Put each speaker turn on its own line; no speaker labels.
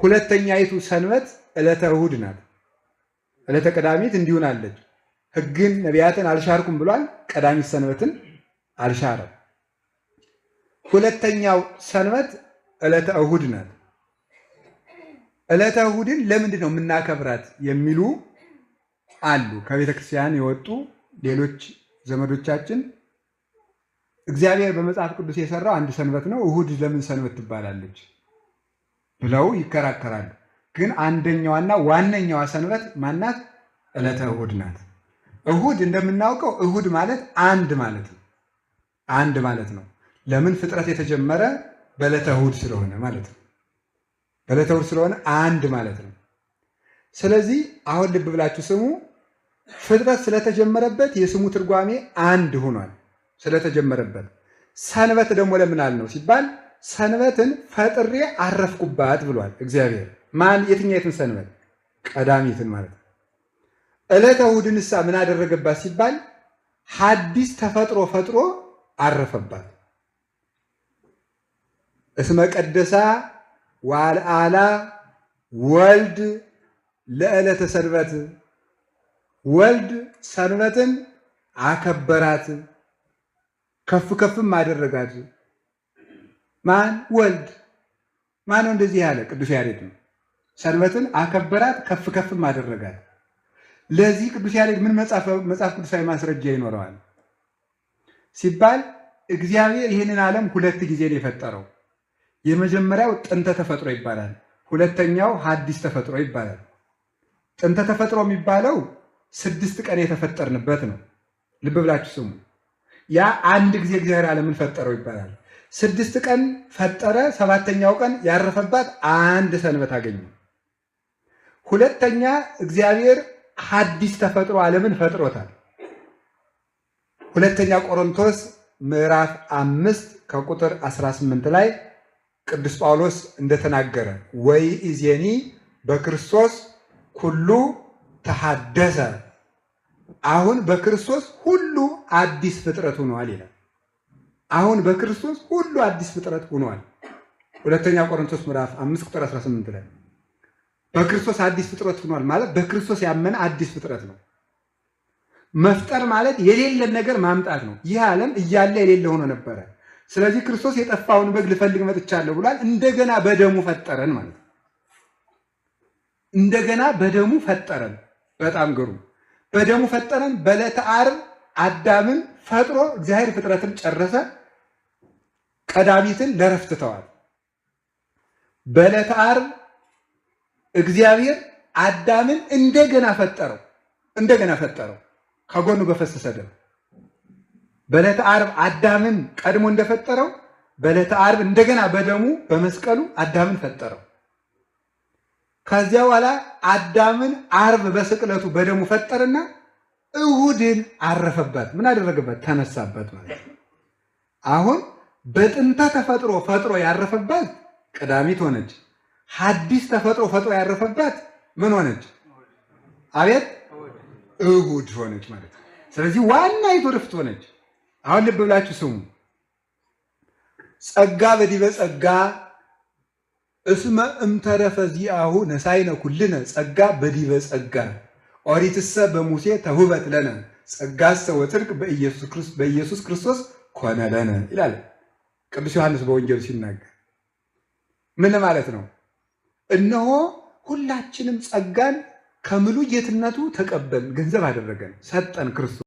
ሁለተኛይቱ ሰንበት ዕለተ እሁድ ናት። ዕለተ ቀዳሚት እንዲሁን አለች። ሕግን ነቢያትን አልሻርኩም ብሏል። ቀዳሚት ሰንበትን አልሻረም። ሁለተኛው ሰንበት ዕለተ እሁድ ናት። ዕለተ እሁድን ለምንድን ነው የምናከብራት የሚሉ አሉ። ከቤተ ክርስቲያን የወጡ ሌሎች ዘመዶቻችን እግዚአብሔር በመጽሐፍ ቅዱስ የሰራው አንድ ሰንበት ነው፣ እሁድ ለምን ሰንበት ትባላለች ብለው ይከራከራሉ። ግን አንደኛዋና ዋነኛዋ ሰንበት ማናት? ዕለተ እሁድ ናት። እሁድ እንደምናውቀው እሁድ ማለት አንድ ማለት ነው። አንድ ማለት ነው። ለምን? ፍጥረት የተጀመረ በዕለተ እሁድ ስለሆነ ማለት ነው። በዕለተ እሁድ ስለሆነ አንድ ማለት ነው። ስለዚህ አሁን ልብ ብላችሁ ስሙ። ፍጥረት ስለተጀመረበት የስሙ ትርጓሜ አንድ ሆኗል። ስለተጀመረበት ሰንበት ደግሞ ለምን አልነው ሲባል ሰንበትን ፈጥሬ አረፍኩባት ብሏል እግዚአብሔር። ማን? የትኛይትን ሰንበት? ቀዳሚትን ማለት ነው። ዕለተ እሑድንሳ ምን አደረገባት ሲባል ሐዲስ ተፈጥሮ ፈጥሮ አረፈባት። እስመ ቀደሳ ዋልአላ ወልድ ለዕለተ ሰንበት ወልድ ሰንበትን አከበራት፣ ከፍ ከፍም አደረጋት። ማን ወልድ ማን ነው እንደዚህ ያለ? ቅዱስ ያሬድ ነው። ሰንበትን አከበራት ከፍ ከፍም አደረጋት። ለዚህ ቅዱስ ያሬድ ምን መጽሐፍ ቅዱሳዊ ማስረጃ ይኖረዋል ሲባል እግዚአብሔር ይህንን ዓለም ሁለት ጊዜ ነው የፈጠረው። የመጀመሪያው ጥንተ ተፈጥሮ ይባላል። ሁለተኛው ሀዲስ ተፈጥሮ ይባላል። ጥንተ ተፈጥሮ የሚባለው ስድስት ቀን የተፈጠርንበት ነው። ልብ ብላችሁ ስሙ። ያ አንድ ጊዜ እግዚአብሔር ዓለምን ፈጠረው ይባላል። ስድስት ቀን ፈጠረ። ሰባተኛው ቀን ያረፈባት አንድ ሰንበት አገኘ። ሁለተኛ እግዚአብሔር ሐዲስ ተፈጥሮ ዓለምን ፈጥሮታል። ሁለተኛ ቆሮንቶስ ምዕራፍ አምስት ከቁጥር 18 ላይ ቅዱስ ጳውሎስ እንደተናገረ ወይ ኢዜኒ በክርስቶስ ኩሉ ተሐደሰ፣ አሁን በክርስቶስ ሁሉ አዲስ ፍጥረት ሆኗል ይላል። አሁን በክርስቶስ ሁሉ አዲስ ፍጥረት ሆኗል። ሁለተኛ ቆሮንቶስ ምዕራፍ 5 ቁጥር 18 ላይ በክርስቶስ አዲስ ፍጥረት ሆኗል ማለት በክርስቶስ ያመነ አዲስ ፍጥረት ነው። መፍጠር ማለት የሌለን ነገር ማምጣት ነው። ይህ ዓለም እያለ የሌለ ሆኖ ነበረ። ስለዚህ ክርስቶስ የጠፋውን በግ ልፈልግ መጥቻለሁ ብሏል። እንደገና በደሙ ፈጠረን ማለት ነው። እንደገና በደሙ ፈጠረን። በጣም ግሩም። በደሙ ፈጠረን። በዕለተ ዓርብ አዳምን ፈጥሮ እግዚአብሔር ፍጥረትን ጨረሰ። ቀዳሚትን ለረፍት ተዋል። በዕለተ ዓርብ እግዚአብሔር አዳምን እንደገና ፈጠረው እንደገና ፈጠረው ከጎኑ በፈሰሰ ደም። በዕለተ ዓርብ አዳምን ቀድሞ እንደፈጠረው በዕለተ ዓርብ እንደገና በደሙ በመስቀሉ አዳምን ፈጠረው። ከዚያ በኋላ አዳምን ዓርብ በስቅለቱ በደሙ ፈጠረና እሁድን አረፈበት። ምን አደረገበት? ተነሳበት ማለት ነው። አሁን በጥንተ ተፈጥሮ ፈጥሮ ያረፈባት ቀዳሚት ሆነች። ሐዲስ ተፈጥሮ ፈጥሮ ያረፈባት ምን ሆነች? አቤት እሁድ ሆነች ማለት ነው። ስለዚህ ዋና ርፍት ሆነች። አሁን ልብ ብላችሁ ስሙ። ጸጋ በዲበ ጸጋ እስመ እምተረፈ ዚአሁ ነሳይነ ኩልነ ጸጋ በዲበ ጸጋ ኦሪትሰ በሙሴ ተውበት ለነ ጸጋሰ ወጽድቅ በኢየሱስ ክርስቶስ ኮነ ለነ ይላል። ቅዱስ ዮሐንስ በወንጀል ሲናገር ምን ማለት ነው? እነሆ ሁላችንም ጸጋን ከምሉ ጌትነቱ ተቀበል ገንዘብ አደረገን ሰጠን ክርስቶስ